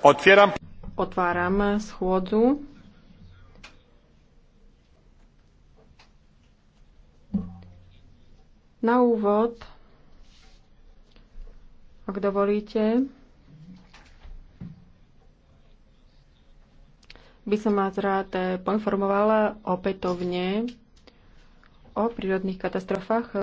Otvieram. Otváram schôdzu. Na úvod, ak dovolíte, by som vás rád poinformovala opätovne o prírodných katastrofách